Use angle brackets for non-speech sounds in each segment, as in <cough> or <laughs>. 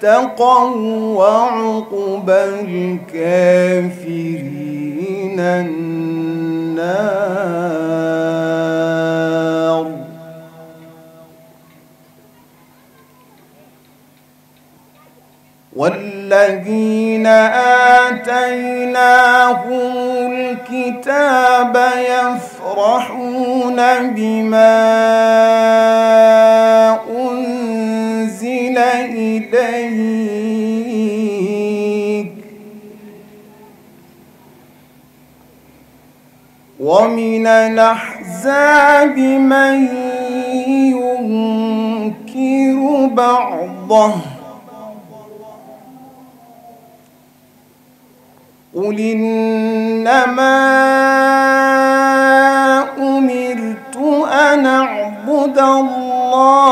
اتقوا وعقب الكافرين النار والذين آتيناهم الكتاب يفرحون بما أنزل إليك ومن الأحزاب من ينكر بعضه قل إنما أمرت أن أعبد الله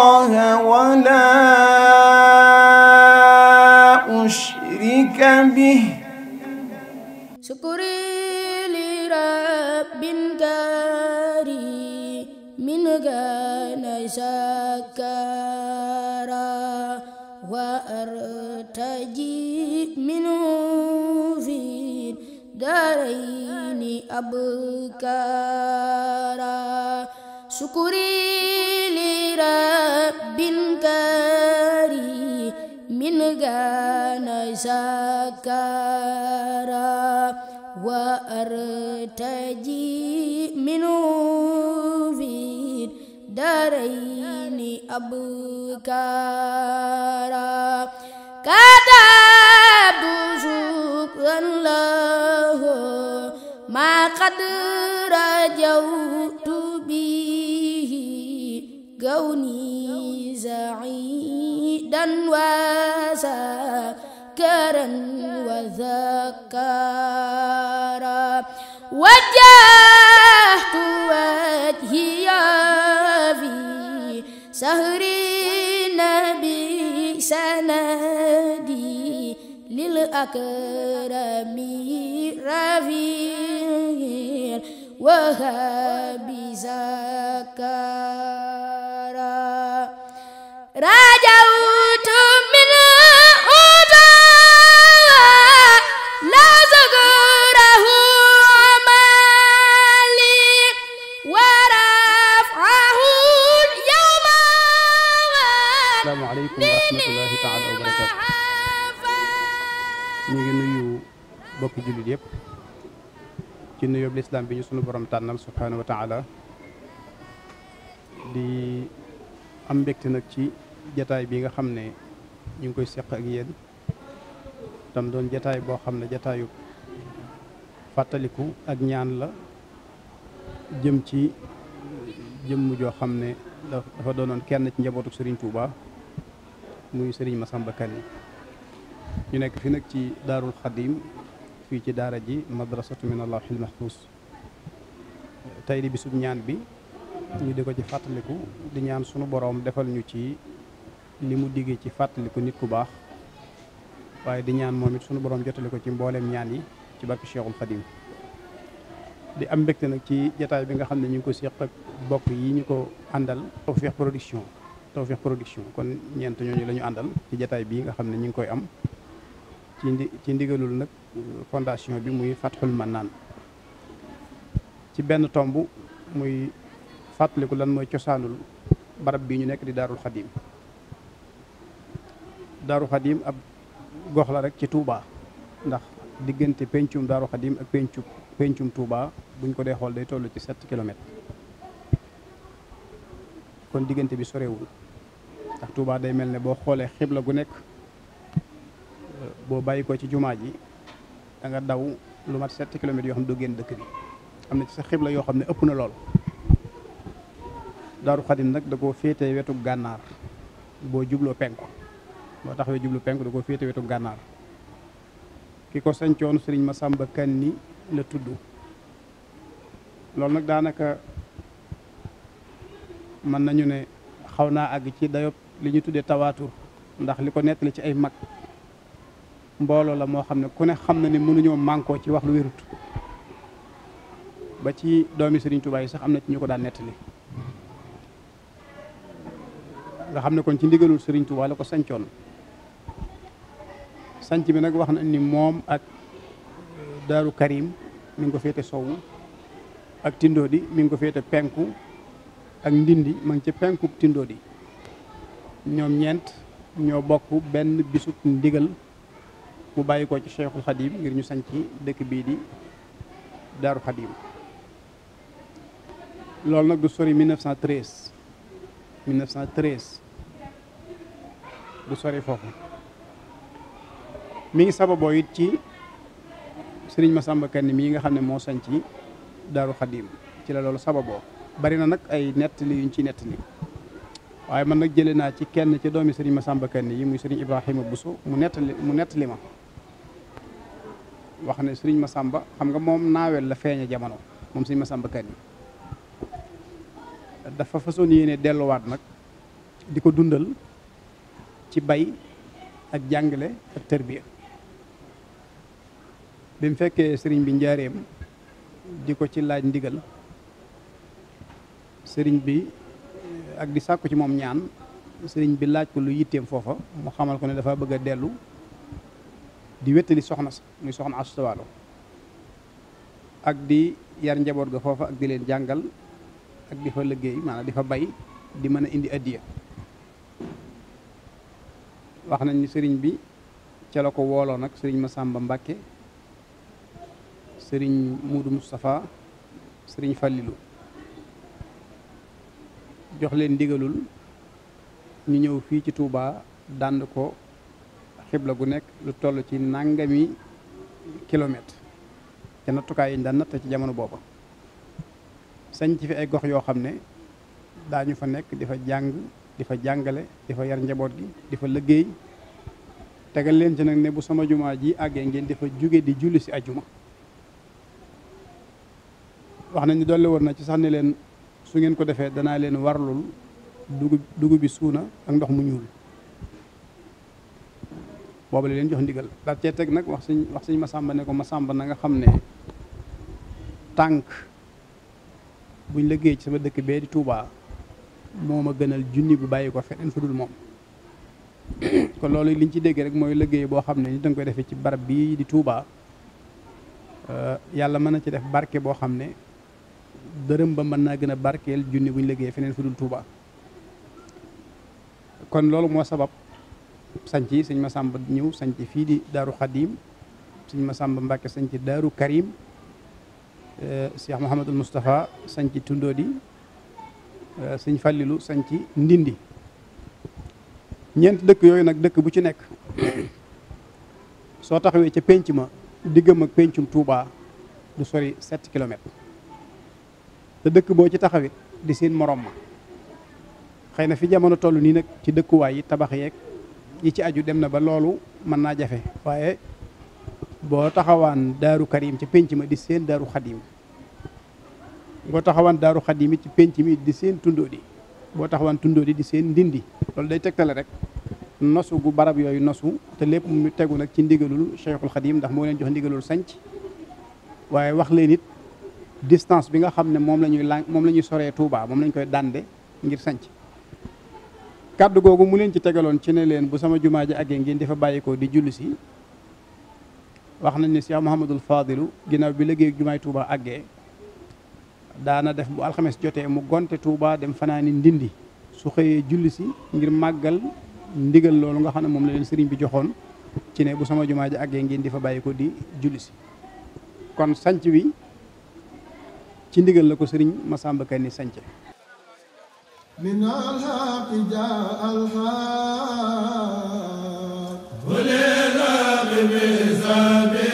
أبكارا شكري لرب كريم من غنى سكارا وأرتجي منه في دارين أبكارا كتاب شكرا له قد رجوت به كوني سعيدا وسكرا وذكارا وجهت وجهي في سهر نبي سندي للأكرم رفيق وهابي زكارا ci nuyoob lislaam bi ñu sunu borom tànnal subhaanahu wa taala di am mbégte nag ci jataay bii nga xam ne ñu ngi koy seq ak yéen tam doon jataay boo xam ne jataayu fàttaliku ak ñaan la jëm ci jëmm joo xam ne dafa doonoon kenn ci njabootu sëriñ Touba muy sëriñ Massamba Kanni ñu nekk fi nag ci Daarul Xadim fii ci daara ji madrasatu min allahil mahfuz tey di bisub ñaan bi ñu di ko ci fàttaliku di ñaan sunu boroom defal ñu ci li mu diggee ci fàttaliku nit ku baax waaye di ñaan moom it sunu boroom jotali ko ci mbooleem ñaan yi ci barke Cheikhul di am mbégte nag ci jataay bi nga xam ne ñu ko seq ak bokk yi ñu ko àndal Tawfekh Production Tawfekh Production kon ñeent ñooñu la ñu àndal ci jataay bii nga xam ne ñu ngi koy am ci ci ndigalul nag fondation bi muy Fatxul naan ci benn tomb muy fàttaliku lan mooy cosaanul barab bi ñu nekk di Daarul Xadim Daarul Xadim ab gox la rek ci Touba ndax diggante pencum Daarul Xadim ak pencu pencum Touba buñ ko dee xool day tollu ci 7 kilomètres kon diggante bi sorewul ndax tuubaa day mel ne boo xoolee xibla gu nekk boo bàyyi ko ci jumaa ji danga daw lu mat 7 kilomètres yoo xam ne doo génn dëkk bi am na ci sa xibla yoo xam ne ëpp na lool daaru xadim nag da koo féetee wetu gànnaar boo jubloo penku boo taxawee jublu penku da koo féete wetu gànnaar ki ko sancoon sëriñ Masamba Kan ni la tudd loolu nag daanaka mën nañu ne xaw naa àgg ci dayob li ñu tuddee tawaatur ndax li ko nettali ci ay mag mbooloo la moo xam ne ku ne xam na ne mënuñoo mànkoo ci wax lu wérut ba ci doomi Sëriñ Tuubaa sax am na ci ñu ko daan nettali nga xam ne kon ci ndigalul Sëriñ Tuubaa la ko sancoon sanc bi nag wax na ni moom ak euh, Daaru Karim mi ngi ko féete sowwu ak Tindodi mi ngi ko féete penku ak Ndindi ma ngi ci penku Tindodi ñoom ñeent ñoo bokk benn bisub ndigal mu bàyyi ko ci Cheikhul Khadim ngir ñu sañ ci dëkk bii di Daaru Khadim loolu nag du sori 1913 1913 du sori foofu mi ngi sababoo yi ci sëriñ Massamba Kanni mii nga xam ne moo sañ ci Daaru Khadim ci la loolu sababoo bari na nag ay nettali ci nett nettali waaye man nag jëlee naa ci kenn ci doomi sëriñ Massamba Kanni yi muy sëriñ Ibrahima Bousso mu nettali mu nettali ma wax ne sëriñ Masamba xam nga moom naawel la feeñe jamono moom sëriñ Masamba Kanni dafa façon yéene delluwaat nag di ko dundal ci bay ak jàngale ak tërbiya bi mu fekkee sëriñ bi njaareem di ko ci laaj ndigal sëriñ bi ak di sàkku ci moom ñaan sëriñ bi laaj ko lu yitteem foofa mu xamal ko ne dafa bëgg a dellu di wéttali soxna sa muy soxna Asta ak di yar njaboot ga foofa ak di leen jàngal ak di fa liggéey maanaam di fa bay di mën a indi addiya wax nañ ni sëriñ bi ca la ko wooloo nag sëriñ ma sàmba Mbàkke sëriñ Muudu Moustapha sëriñ Fàllilu jox leen ndigalul ñu ñëw fii ci tuubaa dànd ko xibla gu nekk lu toll ci nangami kilomètre ca nattukaay yi ñu daan natt ci jamono booba sañ ci fi ay gox yoo xam ne daañu fa nekk di fa jàng di fa jàngale di fa yar njaboot gi di fa liggéey tegal leen ci nag ne bu sama jumaa ji àggee ngeen di fa jóge di julli si ajuma wax nañu dolli woon na ci sax ne leen su ngeen ko defee danaa leen warlul dugub dugub bi suuna ak ndox mu ñuul boobu la leen jox ndigal daal cee teg nag wax sëñ wax ma Masamba ne ko Masamba na nga xam ne tànk buñ liggéey ci sama dëkk bee di tuubaa moo ma gënal junni bu bàyyi ko feneen fu moom <clears throat> kon loolu liñ ci déggee rek mooy liggéey boo xam ne ni koy defee ci barab bii di Touba yàlla mën na ci def barke boo xam ne dërëm ba mën naa gën a barkeel junni buñ liggéey feneen fu dul Touba kon loolu moo sabab sanc yi sëñ Masamba ñëw sanc fii di Daaru Xadim sëñ Masamba Mbàkke sañc Daaru Karim eh, Cheikh Mouhamadul Moustapha sanc Tundóodi eh, sëñ Fàllilu sanc Ndindi ñeent dëkk yooyu nag dëkk bu ci nekk <coughs> soo taxawee ca pénc ma diggam ak péncum Touba du sori set kilomètres te dëkk boo ci taxawit di seen morom ma xëy na fi jamono toll nii nag ci dëkkuwaay yi tabax yeeg yi ci aju dem na ba loolu mën naa jafe waaye boo taxawaan daaru karim ci penc ma di seen daaru xadim boo taxawaan daaru xadim ci penc mi di seen tundoo di boo taxawaan tundoo di di seen ndindi loolu day tegtale rek nosu gu barab yooyu nosu te lépp mu tegu nag ci ndigalul cheikhul xadim ndax moo leen jox ndigalul sanc waaye wax leen it distance bi nga xam ne moom la ñuy la moom la ñuy soree Touba moom la koy dande ngir sañc kàddu googu mu leen ci tegaloon ci ne leen bu sama jumaa ji àggee ngeen dafa bàyyikoo di julli si wax nañ ne Cheikh Mouhamadul Fadilu ginnaaw bi liggéey jumaay Touba àggee daana def bu alxames jotee mu gonte tuubaa dem fanaani ndindi su xëyee julli si ngir màggal ndigal loolu nga xam ne moom la leen sëriñ bi joxoon ci ne bu sama jumaa ji àggee ngeen di fa bàyyi ko di julli si kon sañc bi ci ndigal la ko sëriñ ma sàmba Masamba ni sañce من الحق جاء الحق ولله بميزان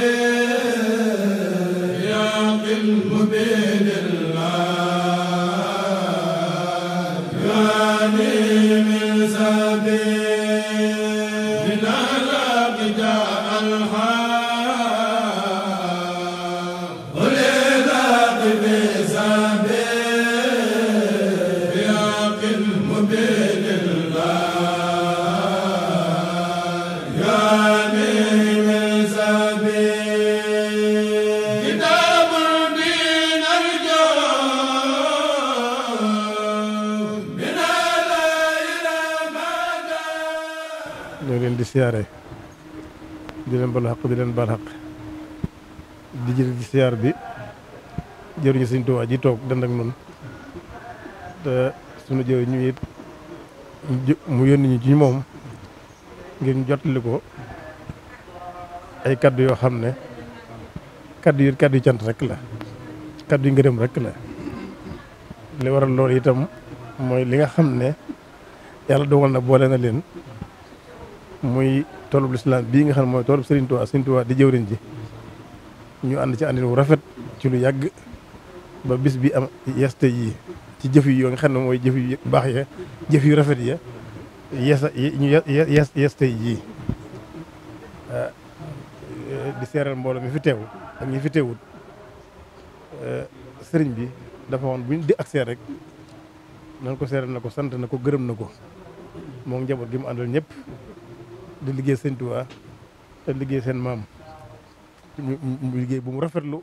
balu xaq di leen baal xaq di jël ci siyaar bi jëruñu sëñ Tuubaa ji toog dend ak te sunu jëw ñu it mu yónni ñu ci moom ngir ñu jottali ko ay kaddu yoo xam ne kaddu yi kaddu yi cant rekk la kaddu yu ngërëm rekk la li waral loolu itam mooy li nga xam ne yàlla dogal na boole na leen muy toolub lislaam bii nga xam ne mooy toolub Serigne Touba Serigne Touba di jëwriñ ji ñu ànd ci àndin wu rafet ci lu yàgg ba bis bi am yeste yi ci jëf xam ne mooy jëf yu baax ya jëf yu rafet ya yesa ñu yes yeste yi ah, mbooloo mi fi teew ak ñi fi teewut ah, sëriñ bi dafa buñ di accès rek nan ko seeral na ko sant na ko gërëm na ko moom njaboot gi mu àndal ñëpp di liggéey sëñ Tuubaa liggéey seen maam mu liggéey bu mu lu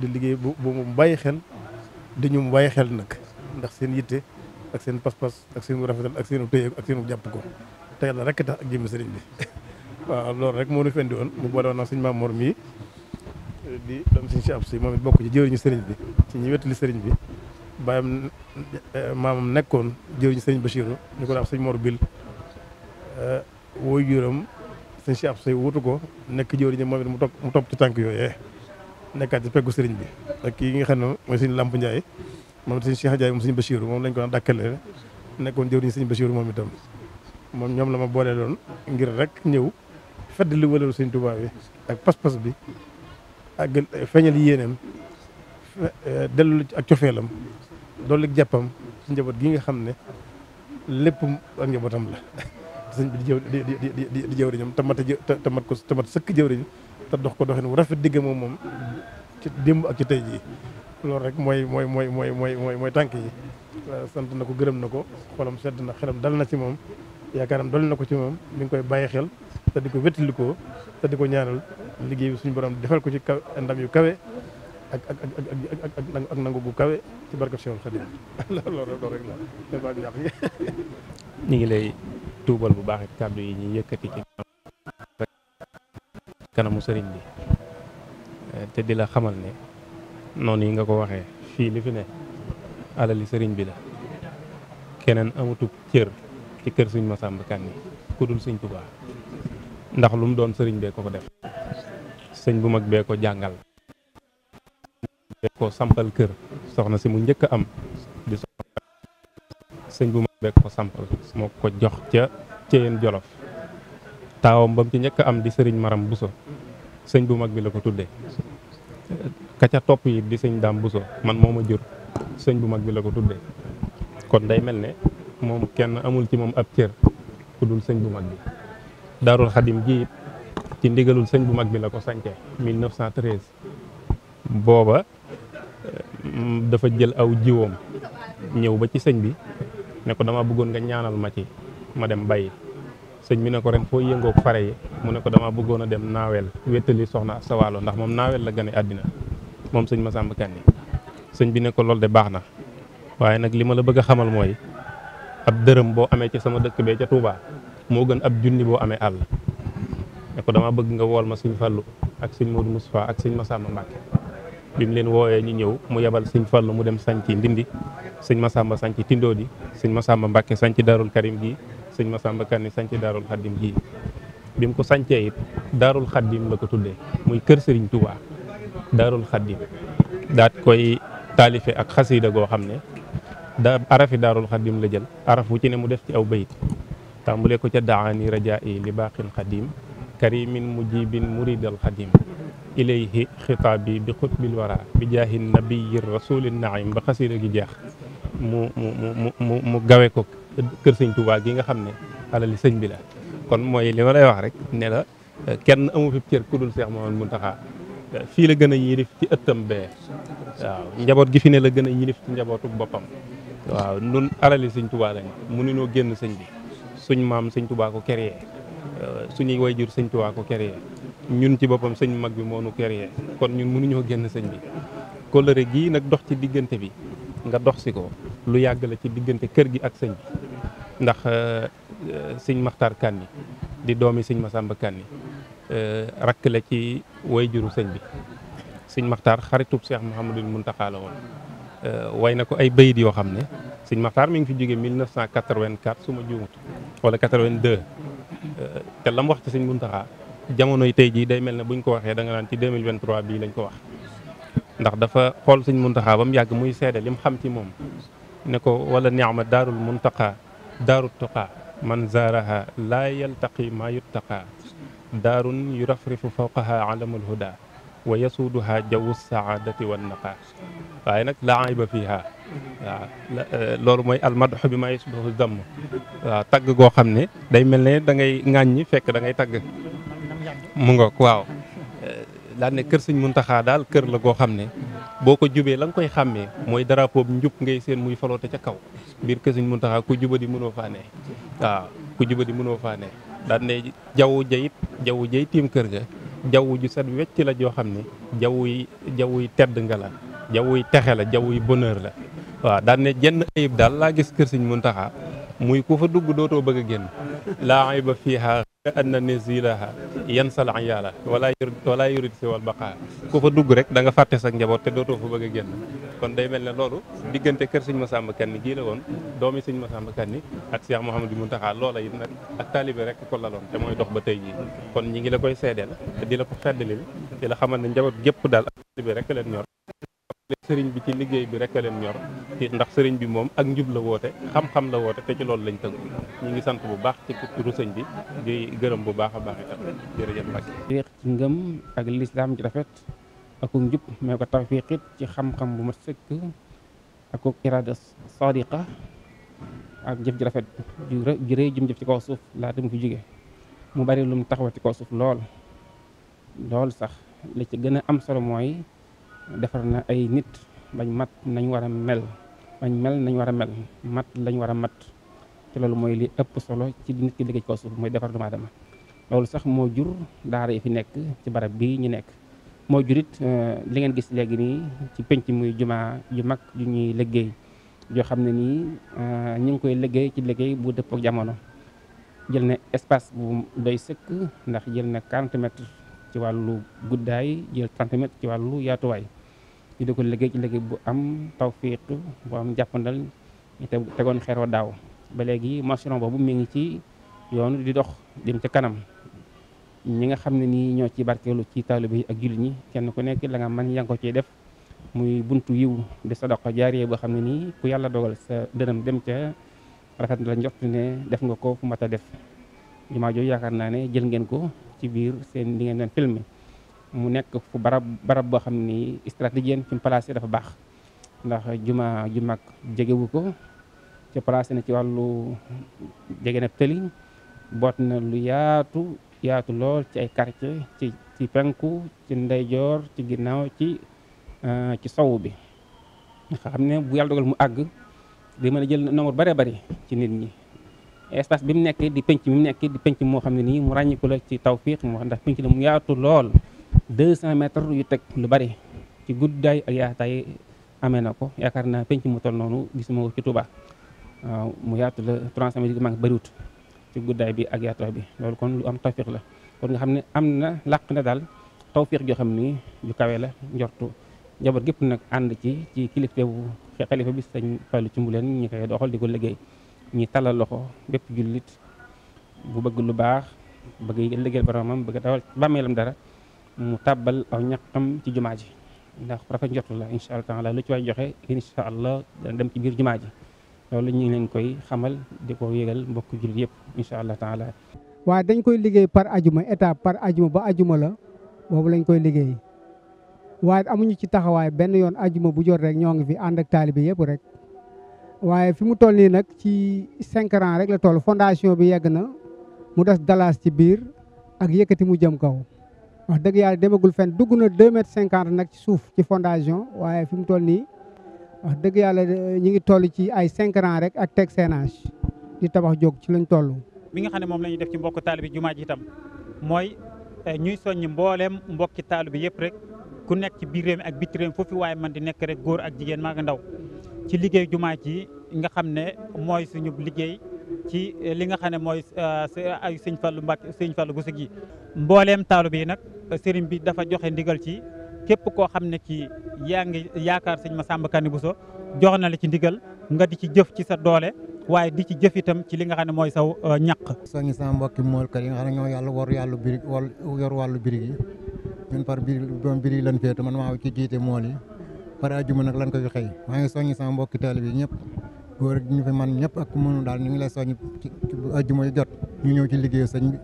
di liggéey bu mu bàyyi xel di ñu mu bàyyi xel nag ndax seen yitte ak seen pas-pas ak seen rafetal ak seen tëye ak seen jàpp ko te rekk tax ak jëmmi sëriñ bi <laughs> waaw loolu rek moo ñu fendi woon mu boole woon ak suñ maam Mor mii di doom suñ si ab si moom it bokk ci jëriñu sëriñ bi ci ñi wettali sëriñ bi bàyyam eh, maamam nekkoon jëriñu sëriñ Bachirou ñu ko daan suñ Bil eh, wooy juróom sëñ Cheikh Abdou Say wutu ko nekk jëwriñ moom it mu topp mu ci tànk yooyee nekkaat ci peggu sëriñ bi ak kii nga xam ne mooy Lamp Ndiaye moom it sëñ Cheikh Ndiaye moom sëñ Bachirou moom lañ ko daan nekkoon jëwriñ sëñ Bachirou moom itam moom ñoom la ma boolee doon ngir rek ñëw fedd li wëlalu sëñ Tuubaa bi ak pas-pas bi ak feeñal yéeneem dellu ak cofeelam dolli jàppam ci njaboot gi nga xam ne lépp ak njabootam la sëñ bi di jëw di di di di jëwriñam te mat a te mat ko te mat sëkk jëwriñ te dox ko doxin wu rafet digg moom moom ci démb ak ci tey jii loolu rek mooy mooy mooy mooy mooy mooy mooy tànk yi sant na ko gërëm na ko xolam sedd na xelam dal na ci moom yaakaaram dal na ko ci moom mi ngi koy bàyyi xel te di ko wéttalikoo te di ko ñaanal liggéey bi suñu borom defal ko ci kaw ndam yu kawe ak ak ak ak ak ak nangu gu kawe ci barke Cheikhul Khadim <laughs> loolu rek la <laughs> ñu ngi lay. tuubal bu baax kàddu yi ñuy yëkkati ci kanamu sëriñ bi eh, te di la xamal ne noonu yi nga ko waxee fii li fi ne alali sëriñ bi la keneen amutub cër ci kër suñ Masamba Kanni ku dul suñ Tuubaa ndax lu mu doon sëriñ bee ko ko def sëñ bu mag bee ko jàngal bee ko sampal kër soxna si mu njëkk am sëñ bu bee ko sampal moo ko jox ca Ceyeen Jolof taawam ba mu ci njëkk am di sëriñ Maram Bousso sëñ bu mag bi la ko tuddee ka topp yi di sëñ Daam Bousso man moo jur sëñ bu mag bi la ko tuddee kon day mel ne moom kenn amul ci moom ab cër ku dul sëñ bu mag bi daarul xadim ji ci ndigalul sëñ bu mag bi la ko sancee 1913 booba mm, dafa jël aw jiwoom ñëw ba ci sëñ bi ne ko dama bëggoon nga ñaanal ma ci ma dem bay sëñ bi ne ko ren foo yëngoo pare yi mu ne ko damaa bëggoon a dem naaweel wéttali soxna sa waalo ndax moom naaweel la gane àddina moom sëñ ma Massamba Kanni sëñ bi ne ko loolu de baax na waaye nag li ma la bëgg a xamal mooy ab dërëm boo amee ci sama dëkk bee ca Touba moo gën ab junni boo amee àll ne ko dama bëgg nga wool ma sëñ Fallou ak sëñ Modou Moustapha ak sëñ Massamba Mbacké bi leen woowee ñu ñëw mu yebal sëñ Fallu mu dem sanc Ndindi sëñ Masamba sanc Tindoodi sëñ Masamba Mbàkke sanc Daarul Karim gi sëñ Masamba Kanni sanc Daarul Xaddim gi bi mu ko sancee it Daarul Xaddim la ko tuddee muy kër Sëriñ Tuubaa Daarul Xaddim daat koy taalife ak xasiida goo xam ne da arafi Daarul Xaddim la jël araf bu ci ne mu def ci aw bayit tàmbule ko ca daani rajaai li baaxil xadim karimin mujibin muridal xadim ilayhi xitaabi bi bi xutbil wara bi jaahi nabiyi rasuli naim ba xasida gi jeex mu mu mu mu mu gawe ko kër sëñ Tuubaa gi nga xam ne alali sëñ bi la kon mooy li ma lay wax rek ne la kenn amu fi cër ku dul Seex Mamadu taxa fii la gën a yilif ci ëttam bee waaw njaboot gi fi ne la gën a yilif ci njabootu boppam waaw nun alali sëñ Tuubaa lañ mënuñoo génn sëñ bi suñ maam sëñ Tuubaa ko créé suñuy wayjur sëñ Tuubaa ko créé ñun ci boppam sëñ mag bi moo nu créé kon ñun mënuñoo génn sëñ bi kóllëre gii nag dox ci diggante bi nga dox si ko lu yàgg la ci diggante kër gi ak sëñ bi ndax euh, euh, sëñ Maxtaar Kanni di doomi sëñ Masamba Kanni euh, rakk la ci wayjuru sëñ bi sëñ Maxtaar xaritub Cheikh Mouhamadul Muntaxa la woon way na ko ay bayit yoo xam ne sëñ Maxtaar mi ngi fi jóge 1984 su ma juumut wala 82 te lam wax ci sëñ Muntaxa jamonoy tey jii day mel ne buñ ko waxee danga nga naan ci 2023 bii lañ ko wax ndax dafa xool sëñ muntaxaa ba mu yàgg muy seede lim xam ci moom ne ko wala ma daarul muntaqa daaru tuqa man zaaraha laa yaltaqi maa yuttaqa daarun yurafrifu fawqaha alamul huda wa yasuuduha jawu saadati wan naqa waaye nag laa ayba fiiha eh, loolu mooy almadx bi ma yusbahu damm waaw tagg goo xam ne day mel ne da ngay ñi fekk da ngay tagg mu ngoog waaw daan ne kër mun taxaa daal kër la goo xam ne boo ko jubee la nga koy xàmmee mooy drapeau bi njub ngay seen muy faloote ca kaw biir kër sëñ Muntaxa ku juba di mënoo faane waaw ku juba di mënoo faane daan ne jaww jayit jaww jay tiim kër nga jaww ju set wecc la joo xam ne jaww yi jaww yi tedd nga la jaww yi texe la jaww yi bonheur la waaw daan ne jenn ayib daal laa gis kër sëñ taxaa muy ku fa dugg dootoo bëgg a génn laa ayba fiiha ka anna nizilaha yan sal an yàlla wala wala yurid si wal baqaa ku fa dugg rek da nga fàtte sa njaboot te dootoo fa bëgg a génn kon day mel ne loolu diggante kër sëñ Masamba Kanni gii la woon doomi sëñ Masamba Kanni ak Cheikh Mouhamadou Mountakha loola it nag ak taalibe rek ko laloon te mooy dox ba tey jii kon ñi ngi la koy seedeel te di la ko feddalil di la xamal ne njaboot gépp daal ak taalibe rek leen ñor sëriñ bi ci liggéey bi rek a leen ñor ndax sëriñ bi moom ak njub la woote xam-xam la woote te ci loolu lañ tënk ñu ngi sant bu baax ci turu sëñ bi gërëm bu baax a baax ci ngëm ak lislaam ji rafet ak njub mais ko tawfiq it ci xam-xam bu ma sëkk ak iraada sadiqa ak jëf ji rafet ju rëy jëm jëf ci kaw suuf laata mu fi jóge mu bari lu mu taxawa ci kaw suuf lool lool sax la ci gën a am solo mooy defar na ay nit bañ mat nañ war a mel bañ mel nañ war a mel mat lañ war a mat te loolu mooy li ëpp solo ci nit ki liggéey ci kaw suuf mooy defar doomu aadama loolu sax moo jur daara yi fi nekk ci barab bii ñu nekk moo jurit euh, li ngeen gis léegi nii ci penc muy jumaa ju mag ju ñuy liggéey joo xam ne nii euh, ñu ngi koy liggéey ci liggéey bu dëppook jamono jël na espace bu doy sëkk ndax jël na 40 mètres ci wàllu guddaay jël 30 mètres ci wàllu yaatuwaay ñu di ko liggéey ci liggéey bu am tawfiq bu am jàppandal ñu tegoon xeeroo daaw ba léegi mention boobu mi ngi ci yoon di dox dem ca kanam ñi nga xam ne nii ñoo ci barkeelu ci taalibe yi ak jullit ñi kenn ku nekk la nga mën yaa ngi ko ciy def muy buntu yiw di sadaqa jaariya boo xam ne nii ku yàlla dogal sa dërëm dem ca rafet la njort ne def nga ko fu mat a def jumaa jooju yaakaar naa ne jël ngeen ko ci biir seen li ngeen doon mu nekk fu barab barab boo xam ni stratégie fi mu placé dafa baax ndax juma ju mag jegewu ko ca placé na ci wàllu jege na tëli boot na lu yaatu yaatu lool ci ay quartier ci ci penku ci ndeyjoor ci ginnaaw ci euh, ci sow bi nga xam ne bu yàlla dogal mu àgg di mën a jël na nombre bare bari ci nit ñi espace bi mu nekkee di penc mu nekk di penc moo xam ne nii mu ràññiku la ci tawfiq moo xam ndax penc la mu yaatu lool deux cent mètres yu teg lu bari ci guddaay ak yaataay amee na ko yaakaar naa penc mu toll noonu gisuma ko ci Touba mu yaatu la trois cent mètres maa ngi ci guddaay bi ak yaataay bi loolu kon lu am tawfiq la kon nga xam ne am na làq na daal tawfiq joo xam ni ju kawe la njortu njaboot gépp nag ànd ci ci kilifte bu xalifa bi sañ Fallou ci mbuleen ñi koy doxal di ko liggéey ñi talal loxo bépp jullit bu bëgg lu baax bëgg liggéeyal boromam bëgg dawal bàmmeelam dara mu tàbbal aw ñaqam ci jumaa ji ndax rafet njot la incha allah taala lu ci waay joxe incha allah dana dem ci biir jumaa ji loolu ñu ngi koy xamal di ko yëgal mbokk jullit yëpp incha allah taala waaye dañ koy liggéey par ajuma étape par ajuma ba ajuma la boobu lañ koy liggéey waaye amuñu ci taxawaay benn yoon ajuma bu jot rek ñoo ngi fi ànd ak taalibe yëpp rek waaye fi mu toll nii nag ci cinq rang rek la toll fondation bi yegg na mu des dalaas ci biir ak yëkkati mu jëm kaw wax dëgg yàlla demagul fen dugg na deux mètres cinquante nag ci suuf ci fondation waaye fi mu toll nii wax dëgg yàlla euh, ñu ngi toll ci ay cinq rek ak teg seenage di tabax jóg ci lañ toll. mi nga xam ne moom la ñuy def ci mbokk taalibi jumaa ji itam mooy euh, ñuy soññ mbooleem mbokki taalibi yëpp rek ku nekk ci biir ak biti réew mi foofu waaye man di nekk rek góor ak jigéen maa nga ndaw ci liggéey jumaa ji nga xam ne mooy suñu liggéey. ci eh, li nga xam ne mooy eh, eh, ay sëñ Fallou Mbacke sëñ Fallou Bousso gi mbooleem taalu bi nag sëriñ bi dafa joxe ndigal ci képp koo xam ne kii yaa ngi yaakaar sëñ Massamba Kanni Bousso jox na la ci ndigal nga di ci jëf ci sa doole waaye di ci jëf itam ci li nga xam ne mooy saw ñaq soñi sama mbokki moolkat yi nga xam ne ñoo yàlla war yàllu birig wàllu birig yi ñun par birig doom birig lan féetu man ci jiite mool yi par ajuma nag lan koy xëy maa ngi soñi sama mbokki taalibe yi góor ak ñu fi man ñëpp ak ku mënu daal ñu ngi lay soññ ci ajjuma yu jot ñu ñëw ci liggéey sëñ bi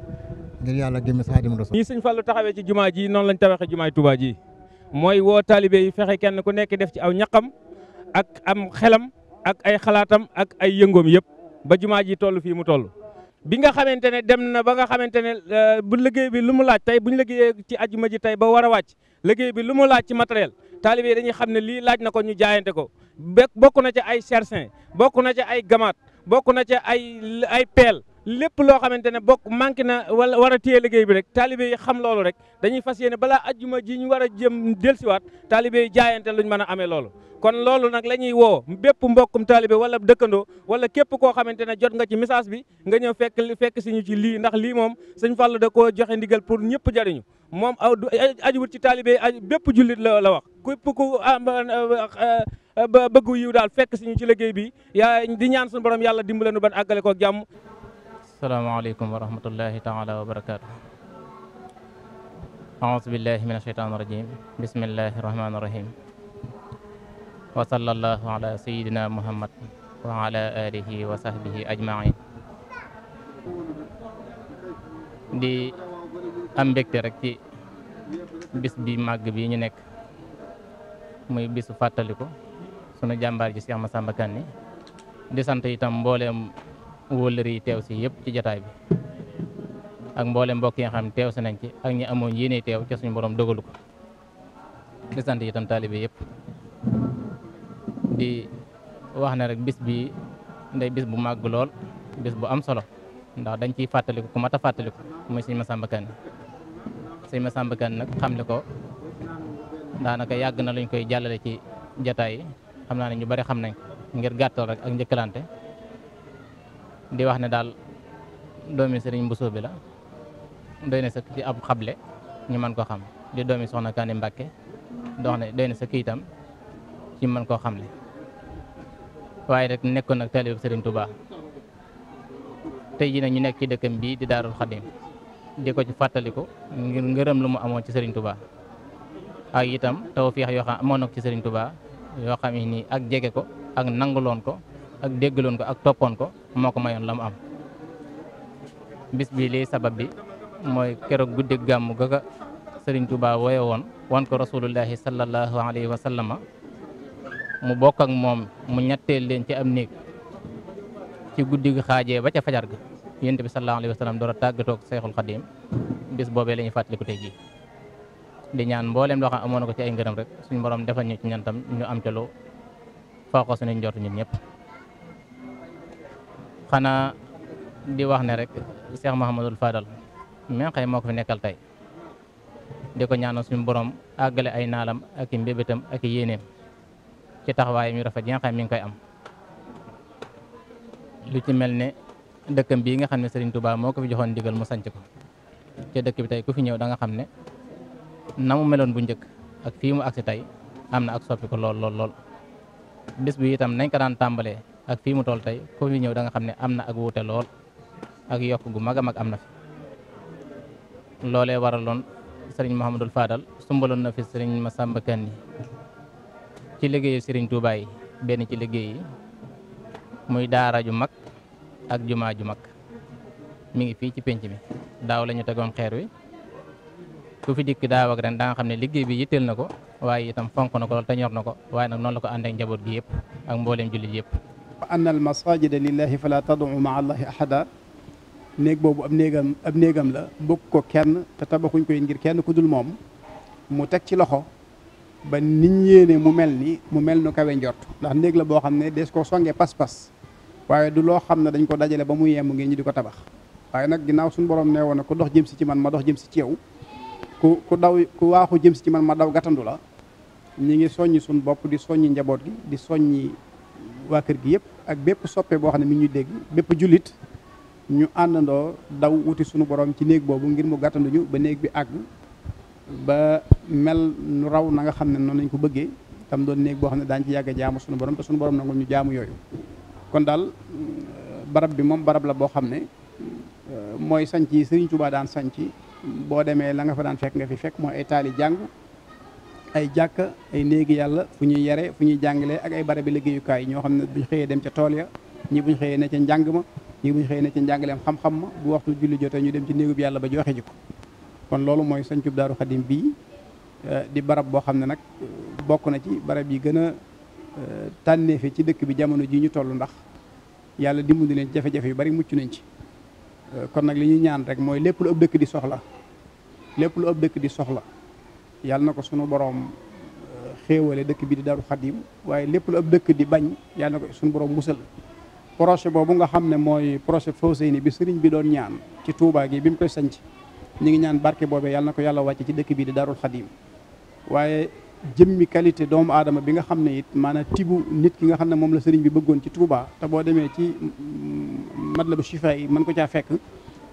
ngir yàlla gémmi Xaadimu Rasuul ñii sëñ Fallu taxawee ci jumaa ji noonu lañ tabaxee jumaay Tuubaa ji mooy woo taalibe yi fexe kenn ku nekk def ci aw ñaqam ak am xelam ak ay xalaatam ak ay yëngoom yëpp ba jumaa ji toll fii mu toll bi nga xamante ne dem na ba nga xamante ne euh, bu liggéey bi lu mu laaj tey bu ñu liggéeyee ci ajjuma ji tey ba war a wàcc liggéey bi lu mu laaj ci matériel taalibe yi dañuy xam ne lii laaj na ko ñu jaayante ko bokk na ci ay sersin bokk na ci ay gamaat bokk na ca ay ay peel lépp loo xamante ne bokk manqué na wala war a téye bi rek taalibe yi xam loolu rek dañuy fas yéene balaa ajjuma ji ñu war a jëm delsiwaat taalibe yi jaayante luñ mën a amee loolu kon loolu nag la ñuy woo bépp mbokkum taalibe wala dëkkandoo wala képp koo xamante ne jot nga ci message bi nga ñëw fekk fekk si ñu ci lii ndax lii moom sëñ Fallu da ko joxe ndigal pour ñëpp jariñu moom ajuwut ci taalibe yi bépp jullit la la wax képp ku euh, euh, bëggu yiw daal fekk si ñu ci liggéey bi yaa di ñaan suñu borom yàlla dimbale nu ban àggale ko jàmm asalaamaaleykum wa rahmatullahi taala wa barakaatu aousubillahi min asheytaan irajim bismillahi irahmani irahim wa ala sayidina muhammad wa ala alihi wa sahbihi di am mbégte rek bis bi màgg bi ñu nekk muy bisu fàttaliku sunu jàmbaar ji Cheikh Massamba Kanni di sant itam mbooleem wóllëri teew si yëpp ci jataay bi ak mboolem mbokk yi xam ne teew si nañ ci ak ñi amoon yéene teew ca suñu borom dogalu ko di sant itam taalibe yëpp di wax ne rek bis bi ndey bis bu màgg lool bis bu am solo ndax dañ ciy fàttaliku ku mat a fàttaliku muy sëñ Massamba Kane sëñ Massamba Kane nag xam le ko daanaka yàgg na luñ koy jàllale ci jataay yi xam naa ne ñu bari xam nañ ngir gàttal rek ak njëkkalante di wax ne daal doomi sëriñ Bousso bi la doy na sëkk ci ab xable ñu mën koo xam di doomi soxna Kandi Mbàkke dox ne doy na sëkk itam ci mën koo xamle waaye rek nekkoon nag taalibe sëriñ tubaa tey jii nag ñu nekk ci dëkkam bii di Daarul Xadim di ko ci fàttali ko ngir ngërëm lu mu amoon ci Serigne Touba ak itam tawfiix yoo xam amoon na ci Serigne tubaa yoo xam ne nii ak jege ko ak nanguloon ko ak déggaloon ko ak toppoon ko moo ko mayoon la mu am bis bi lii sabab bi mooy keroog guddi gàmm ga Sëriñ Tuubaa woye woon wan ko rasulullahi sallallahu alayhi wa mu bokk ak moom mu ñetteel leen ci am néeg ci guddi xaajee ba ca fajar ga yonent bi sallallahu alayhi wa sallam door a tàggatoo ak Seexul Xadiim bis boobee la ñuy tey jii di ñaan mbooleem loo amoon ko ci ay ngërëm rek suñ borom defal ñu ci ñantam ñu am ca lu foo ko suñu njort ñun xanaa di wax ne rek Cheikh Mouhamadul Fadal mi xëy moo ko fi nekkal tey di ko ñaanal suñu borom àggale ay naalam ak i mbébétam ak i yéeneem ci taxawaayam yu rafet yi nga xam mi koy am. lu ci mel ne dëkkam bii nga xam ne Serigne Touba moo ko fi joxoon ndigal mu sañc ko ci dëkk bi tey ku fi ñëw danga xam ne na mu meloon bu njëkk ak fii mu agsi tey am na ak soppi ko lool lool lool bis bi itam nañ ko daan tàmbalee. ak fii mu toll tey ko fi ñëw da nga xam ne am na ak wuute lool ak yokk gu mag a mag am na fi loolee waraloon sëriñ Mouhamadul Fadal sumbaloon na fi sëriñ Massamba Kanni ci liggéeyu sëriñ Touba yi benn ci liggéey yi muy daara ju mag ak jumaa ju mag mi ngi fii ci penc mi daaw la ñu tegoon xeer wi ku fi dikk daaw ak ren da xam ne liggéey bi yitteel na ko waaye itam fonk na ko lool te ñor na ko waaye nag noonu la ko ànd ak njaboot gi yëpp ak mbooleem jullit yëpp wa anna al masajida lillahi fala tad'u ma'a allahi ahada néeg boobu ab néegam ab néegam la bokk ko kenn te tabaxuñ ko yit ngir kenn ku dul moom mu teg ci loxo ba niñ yéene mu mel ni mu mel nu kawe njort ndax néeg la boo xam ne des ko songe pas-pas waaye du loo xam ne dañ ko dajale ba mu yem ngeen ñu di ko tabax waaye nag ginnaaw suñu borom nee woon na ku dox jëm si ci man ma dox jëm si ci yow ku ku daw ku waaxu jëm si ci man ma daw gàttandu la ñi ngi soññ suñ bopp di soññi njaboot gi di soññi waa kër gi yëpp ak bépp soppe boo xam ne mi ñuy dégg bépp jullit ñu àndandoo daw wuti sunu borom ci néeg boobu ngir mu gàttanduñu ba néeg bi àgg ba mel nu raw na nga xam ne noonu lañ ko bëggee tam doon néeg boo xam ne daañu ci yàgg a jaamu sunu borom te sunu na nangul ñu jaamu yooyu. kon daal euh, barab bi moom barab la boo xam ne euh, mooy sanc yi Sëriñ Tuubaa daan sanc boo demee la nga fa daan fekk nga fi fekk mooy ay taali jàng. ay jàkka ay néegi yàlla fu ñuy yare fu ñuy jàngalee ak ay barab barabi liggéeyukaay ñoo xam ne buñ xëyee dem ca tool ya ñi buñ xëyee ne ca njàng ma ñi buñ xëyee ne ca njàngaleem xam-xam ma bu waxtu julli jotee ñu dem ci néegub yàlla ba joxe ji ko kon loolu mooy sancub daaru xadim bii eh, di barab boo xam ne nag eh, bokk na ci barab yi gën a eh, tànneefe ci dëkk bi jamono ji ñu toll ndax yàlla dimbali leen jafe-jafe yu bari mucc nañ ci kon nag li ñuy ñaan rek mooy lépp lu ëpp di soxla lépp lu dëkk di soxla yàlla na ko sunu borom euh, xéewale dëkk bi di Daaru Xadim waaye lépp lu ab dëkk di bañ yàlla na ko sunu borom musal projet boobu nga xam ne mooy projet Fawzeyni bi sëriñ bi doon ñaan ci Touba gi bi mu koy sanc ñu ngi ñaan barke boobee yàlla na ko yàlla wàcc ci dëkk bii di Daaru Xadim waaye jëmmi qualité doomu aadama bi nga xam ne it maanaam tibu nit ki nga xam ne moom la sëriñ bi bëggoon ci Touba te boo demee ci mm, la chifa yi mën ko caa fekk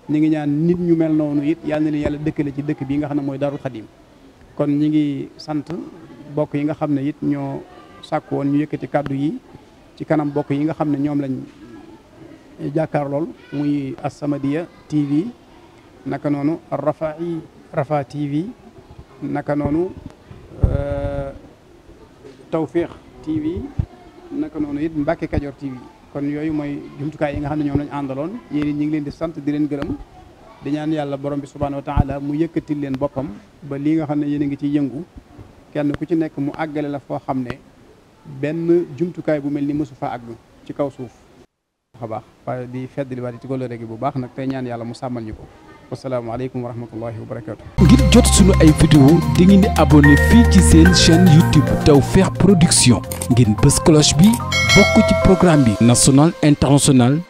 ñu ngi ñaan nit ñu mel noonu it yàlla na leen yàlla dëkkale ci dëkk bi nga xam ne mooy Daaru Xadim kon ñi ngi sant bokk yi nga xam ne it ñoo sàkk woon ñu yëkkati kàddu yi ci kanam bokk yi nga xam ne ñoom lañ jàkkaarlool muy As-Samadiyya TV naka noonu Rafaa'i Rafa TV naka noonu euh, Tawfiq TV naka noonu it Mbacke Kajoor TV kon yooyu mooy jumtukaay yi nga xam ne ñoom lañ àndaloon yéen ñi ngi leen di sant di leen gërëm di ñaan yàlla borom bi subhaanahu wa taala mu yëkkati leen boppam ba li nga xam ne yéen a ngi ci yëngu kenn ku ci nekk mu àggale la foo xam ne benn jumtukaay bu mel ni mësu fa àgg ci kaw suuf a baax waaye di feddliwaat ci kóllëre gi bu baax nag tey ñaan yàlla mu sàmmal ñu ko wasalaamaaleykum wa rahmatullahi wa barakaatu. ngir jot sunu ay vidéo di ngeen di abonné fii ci seen chaîne YouTube Tawfekh Production ngeen bës cloche bi bokk ci programme bi national international